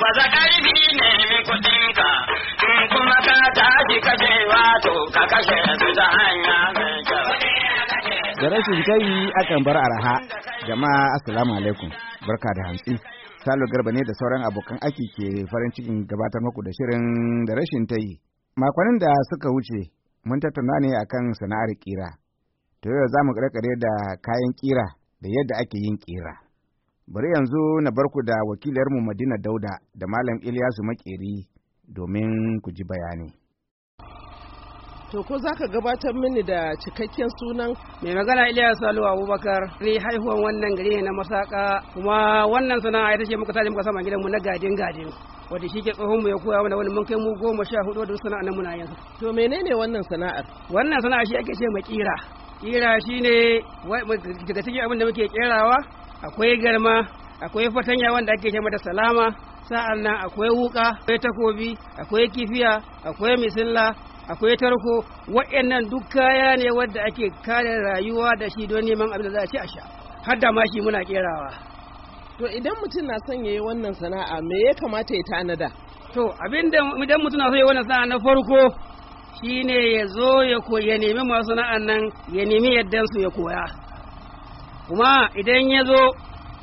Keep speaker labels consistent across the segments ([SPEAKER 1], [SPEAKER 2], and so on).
[SPEAKER 1] baza ƙarfi ne kuɗinka in kuma ka tashi kashe wato ka kashe su ta hanya mai kyau.
[SPEAKER 2] Da rashin kai akan bar araha jama'a assalamu alaikum barka da hantsi. Salo Garba ne da sauran abokan aiki ke farin cikin gabatar muku da shirin da rashin ta yi. Makonin da suka wuce mun tattauna ne akan sana'ar kira. To yau za mu da kayan kira da yadda ake yin kira. Bari yanzu na barku da wakilarmu Madina Dauda da Malam Ilyasu Makeri domin ku ji bayani.
[SPEAKER 3] To ko za ka gabatar mini da cikakken sunan? Mai magana Iliya Salu Abubakar ni haihuwan wannan gari ne na Masaka kuma wannan sana'a ita ce muka tashi muka saman gidanmu na gadin gadin. Wanda shi ke tsohon mu ya koya mana wani mun kai mu goma sha hudu da sana'a nan muna yanzu. To menene wannan sana'ar? Wannan sana'a shi ake ce makira. Kira shi ne daga cikin abin da muke kerawa akwai garma akwai fatanya wanda ake ce mata salama sa'an nan akwai wuka akwai takobi akwai kifiya akwai misilla akwai tarko waɗannan duk kaya ne wadda ake kare rayuwa da shi don neman abin da za a ci a sha har da ma shi muna kerawa to idan mutum na son yayi wannan
[SPEAKER 1] sana'a me
[SPEAKER 3] ya kamata ya tanada to abin da idan mutum na son yayi wannan sana'a na farko shine ya zo ya nemi masu sana'an nan ya nemi yaddan su ya koya kuma idan ya zo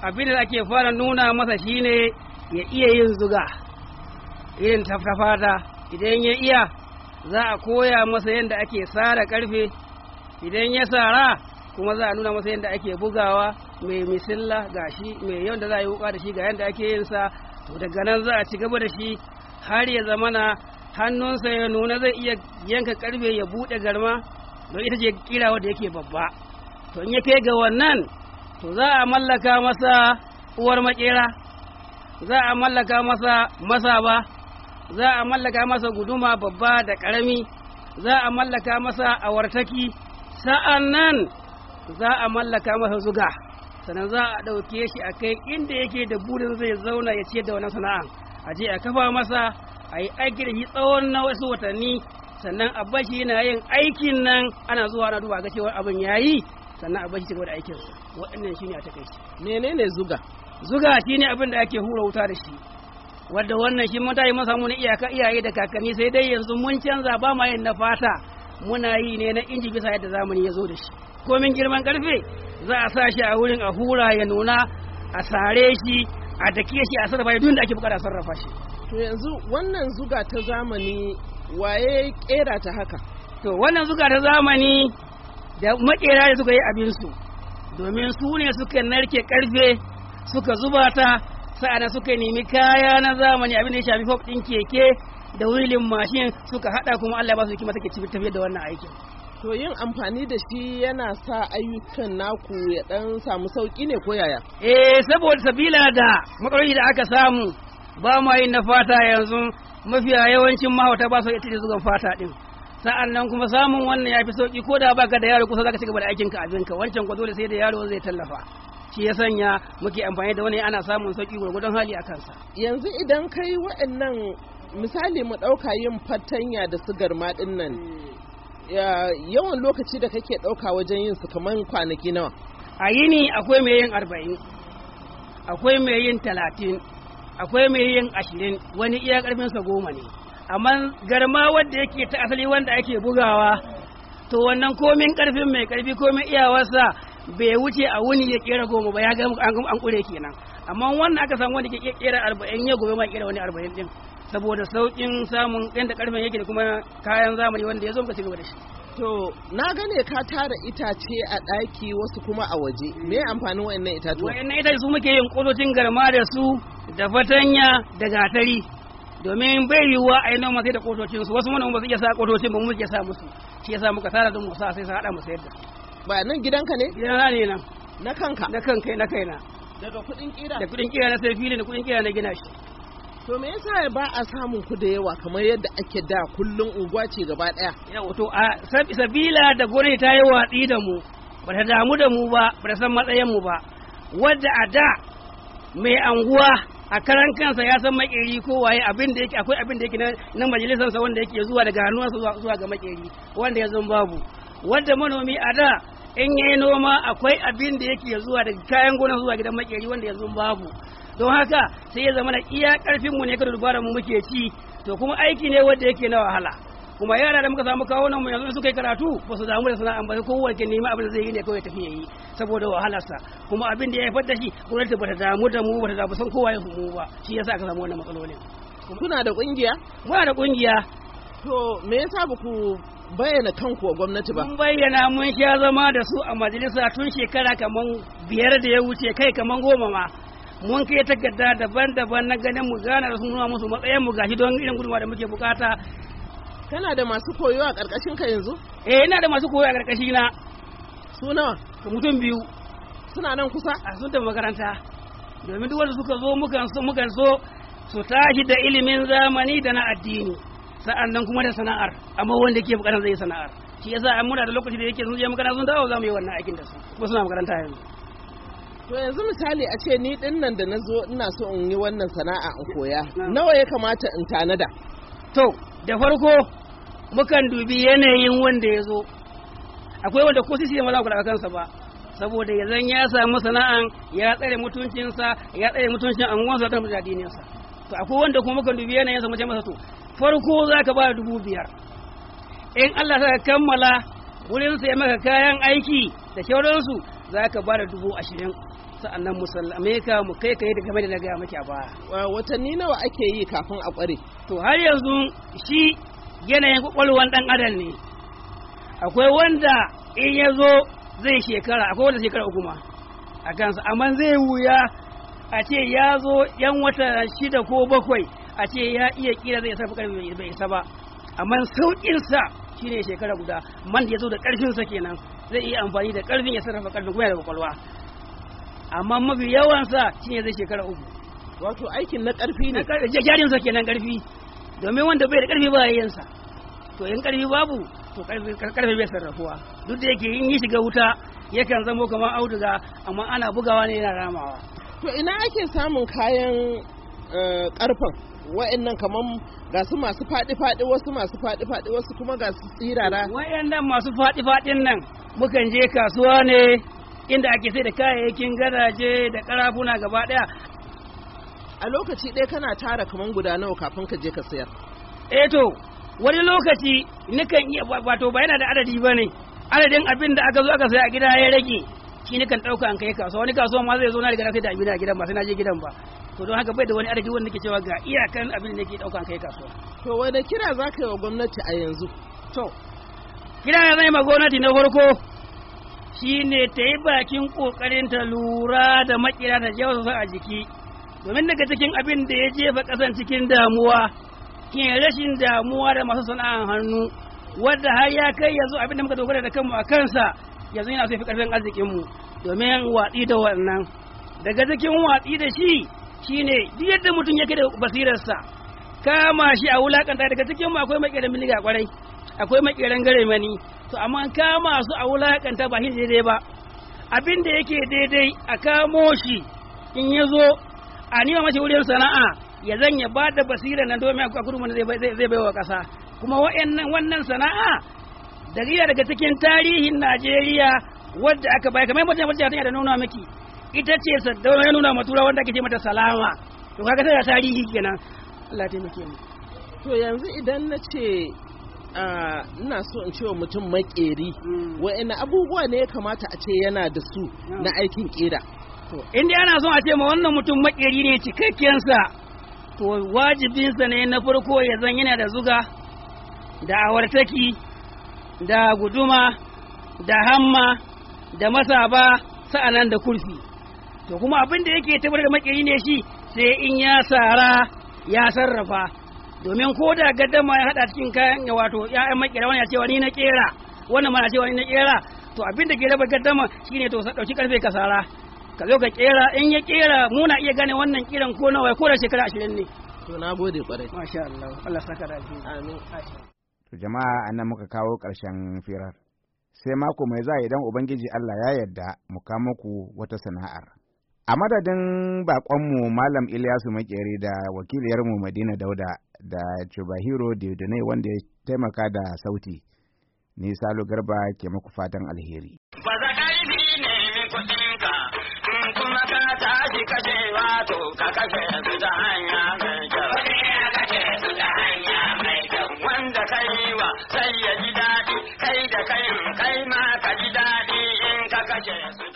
[SPEAKER 3] abin da ake fara nuna masa shine ya iya yin zuga irin tafata, idan ya iya za a koya masa yadda ake sara karfe idan ya sara kuma za a nuna masa yadda ake bugawa mai misilla shi, mai yadda za a yi wuka da shi ga yadda ake yin sa to daga nan za a ci gaba da shi har ya zamana hannunsa ya nuna zai iya yanka karfe ya buɗe garma don ita ce kira wadda yake babba to in ya kai ga wannan to za a mallaka masa uwar makera za a mallaka masa masaba za a mallaka masa guduma babba da ƙarami za a mallaka masa awartaki sa'an nan za a mallaka masa zuga sannan za a ɗauke shi a kai inda yake da burin zai zauna ya ciyar da wannan sana'an a je a kafa masa a yi aiki da shi tsawon na wasu watanni sannan a bashi yana yin aikin nan ana zuwa na duba ga cewa abin yayi sannan a bashi cigaba da aikinsa waɗannan shine a takaici menene zuga zuga shine abin da ake hura wuta da shi wanda wannan shi mun yi masa mun iyaka iyaye da kakanni sai dai yanzu mun canza ba ma yin na fata muna yi ne na inji bisa yadda zamani ya zo da shi komin girman karfe za a sa shi a wurin a hura ya nuna a sare shi a dake shi a sarrafa duk da ake bukata sarrafa shi
[SPEAKER 1] to yanzu wannan zuga ta zamani waye kera ta haka
[SPEAKER 3] to wannan zuga ta zamani da makera da suka yi abinsu domin su ne suka narke karfe suka zuba ta sa'ana suka nemi kaya na zamani abin da ya shafi fof keke da wilin mashin suka haɗa kuma Allah ba su hikima take tafiyar da wannan aikin
[SPEAKER 1] to yin amfani da shi yana sa ayyukan naku ya dan
[SPEAKER 3] samu sauki ne ko yaya eh saboda sabila da matsaloli da aka samu ba ma yin na fata yanzu mafiya yawancin mahauta ba su iya tije zugan fata din sa'an nan kuma samun wannan ya fi sauki ko da baka da yaro kusa zaka ka cigaba da aikin ka abin ka wancan ko dole sai da yaro zai tallafa shi ya sanya muke amfani da wani ana samun sauki gurgudun hali a kansa yanzu
[SPEAKER 1] idan kai waɗannan misali mu ɗauka yin fatanya da sigar ma nan hmm. yawan lokaci da kake ɗauka wajen yin su kamar kwanaki nawa a
[SPEAKER 3] yini akwai mai yin arba'in akwai mai yin talatin akwai mai yin ashirin wani iya ƙarfinsa goma ne amma garma wanda yake ta asali wanda ake bugawa to wannan komin karfin mai karfi komin iyawarsa bai wuce a wuni ya kera goma ba ya ga an kure kenan amma wannan aka san wanda ke kera arba'in ya gobe ma kera wani arba'in din saboda saukin samun yadda karfin yake da kuma kayan zamani wanda ya zo ka cigaba da shi
[SPEAKER 1] to na gane ka tara itace a ɗaki wasu kuma a waje
[SPEAKER 3] me amfanin wa'annan itatuwa wa'annan itace su muke yin kolocin garma da su da fatanya da gatari domin bai yiwuwa wa ainihin masu da kotocinsu wasu manoman ba su iya sa kotocin ba mu iya sa musu shi sa muka tara don musa sa sai sa hada musu yadda ba nan gidanka ne Na ne nan na kanka na kanka na kaina daga kudin kira da kudin kira na sai fili da kudin kira na gina shi
[SPEAKER 1] to me yasa ba a samun ku da yawa kamar yadda ake da kullun unguwa ce gaba daya
[SPEAKER 3] yawa to a sabila da gore ta yi watsi da mu ba ta damu da mu ba ba ta san matsayin mu ba wadda a da mai anguwa a karan kansa ya san makeri ko waye abin da yake akwai abin da yake na majalisar sa wanda yake zuwa daga hannunsa zuwa ga makeri wanda ya zan babu wanda manomi a da in yayi noma akwai abin da yake zuwa daga kayan gona zuwa gidan makeri wanda ya zan babu don haka sai ya zama na iya karfin mu ne ka dubara mu muke ci to kuma aiki ne wanda yake na wahala kuma yara da muka samu kawo nan mu yanzu suka yi karatu ba su damu da sana'an ba ko ke nema abin da zai yi ne kawai tafi yi saboda wahalarsa kuma abin da ya haifar da shi gwamnati ba ta damu da mu ba ta damu san kowa ya mu ba shi yasa aka samu wannan matsalolin kuna da kungiya muna da kungiya to me yasa ba ku bayyana kanku wa gwamnati ba. Mun bayyana mun sha zama da su a majalisa tun shekara kaman biyar da ya wuce kai kaman goma ma. Mun kai takarda daban-daban na ganin mu gana da sun nuna musu matsayin mu gashi don irin gudunmawa da muke bukata Kana da masu koyo a ƙarƙashin ka yanzu? Eh, ina da masu koyo a ƙarƙashi na. Su nawa? Mutum biyu. Suna nan kusa? A sun tafi makaranta. Domin duk wanda suka zo mukan so so su tashi da ilimin zamani da na addini. Sa'an nan kuma da sana'ar, amma wanda ke bukatar zai sana'ar. Shi yasa an muna da lokaci da yake sun je makaranta sun dawo zamu yi wannan aikin da su. Kuma suna makaranta yanzu.
[SPEAKER 1] To yanzu misali a ce ni din nan da na zo ina so in yi wannan sana'a in koya.
[SPEAKER 3] Nawa ya kamata in tanada? To, da farko mukan dubi yanayin wanda ya zo akwai wanda ko sisi ba za ku kansa ba saboda ya zan ya samu sana'an ya tsare mutuncinsa ya tsare mutuncin anguwansa da mutunci addininsa to akwai wanda kuma mukan dubi yanayin samun mace masa to farko za ka ba dubu biyar in Allah ka kammala wurin sai maka kayan aiki da shauransu za ka ba da dubu ashirin sa'annan musulmi ka mu kai kai da game da na gaya maka ba watanni nawa ake yi kafin a kware to har yanzu shi yanayin kwakwalwar ɗan adam ne akwai wanda in ya zo zai shekara akwai wanda shekara uku ma a kansa amma zai wuya a ce ya zo yan wata shida ko bakwai a ce ya iya kira zai sa fukar bai isa ba amma sauƙinsa shine shekara guda man ya zo da ƙarfinsa kenan zai iya amfani da ƙarfin ya sarrafa ƙarfin kuma da kwakwalwa amma mafi yawansa shine zai shekara uku wato aikin na ƙarfi ne jarinsa kenan ƙarfi domin wanda bai da karfi ba yayin sa to in karfi babu to karfi bai sarrafuwa duk da yake in yi shiga wuta yakan zamo kamar auduga amma ana bugawa ne yana ramawa
[SPEAKER 1] to ina ake samun kayan karfin eh, wa'annan kamar ga su masu faɗi-faɗi wasu masu faɗi-faɗi wasu kuma ga su tsirara
[SPEAKER 3] wa'annan masu faɗi-faɗin nan mukan je kasuwa ne inda ake sai da kayayyakin gadaje da karafuna gaba daya a lokaci ɗaya kana tara kaman guda nawa kafin ka je ka sayar eh to wani lokaci nikan iya wato ba yana da adadi ba ne adadin abin da aka zo aka saya a gida ya rage shi nikan ɗauka an kai kasuwa wani kasuwa ma zai zo na riga na kai da abin a gidan ba sai na je gidan ba to don haka bai da wani adadi wanda nake cewa ga iyakan abin da nake ɗauka an kai kasuwa to wanda kira za ka yi wa gwamnati a yanzu to kira ya zai ma gwamnati na farko Shi ne ta yi bakin ƙoƙarin ta lura da makira da jawo a jiki domin daga cikin abin da ya jefa ƙasan cikin damuwa ke rashin damuwa da masu sana'a hannu wadda har ya kai yanzu abin da muka dogara da kanmu a kansa yanzu yana so fi ƙarfin arzikinmu domin watsi da wannan daga cikin watsi da shi shine duk yadda mutum yake da basirarsa kama shi a wulakanta daga cikin mu akwai makeran miliga kwarai akwai makeran mani to amma kama su a wulakanta ba shi daidai ba abin da yake daidai a kamo shi in ya zo a nima mace wurin sana'a ya zan ya ba da basira na domin a kudu zai bai wa ƙasa kuma wannan sana'a da riya daga cikin tarihin najeriya wadda aka bai kamar mutum mutum ya da nuna miki ita ce saddauna ya nuna matura wanda ake ce mata salama to kaga tana tarihi kenan Allah muke mu
[SPEAKER 1] to yanzu idan na ce ina so in ce wa mutum makeri hmm. wa'ina abubuwa ne ya kamata a ce yana da su hmm. na aikin
[SPEAKER 3] kera to inda ana son a ce ma wannan mutum makeri ne sa to wajibinsa ne na farko ya zan yana da zuga da awartaki da guduma da hamma da masaba sa'anan da kurfi to kuma abin da yake tabar da makeri ne shi sai in ya sara ya sarrafa domin ko da gaddama ya hada cikin kayan ya wato ya'yan makera wani ya ce wani na kera wannan ma ya ce wani na kera to abin da ke raba gaddama shine to dauki karfe ka sara ka zo ka kera in ya kera muna iya gane wannan kiran ko nawa ko da shekara ashirin ne to na gode kwarai masha Allah Allah saka da amin
[SPEAKER 2] to jama'a anan muka kawo karshen firar sai mako mai za idan ubangiji Allah ya yarda mu ka ku wata sana'ar a madadin mu malam Ilyasu Makeri da wakiliyarmu Madina Dauda da Chubahiro Diodone wanda ya taimaka da sauti ni salu Garba ke muku fatan alheri
[SPEAKER 1] ba za ne kuɗinka in kuma ka tashi kashe wato ka kashe su ta hanya mai kyau. Wanda ka yi wa sai ya ji daɗi kai da kai kai ma ka ji daɗi in ka kashe su.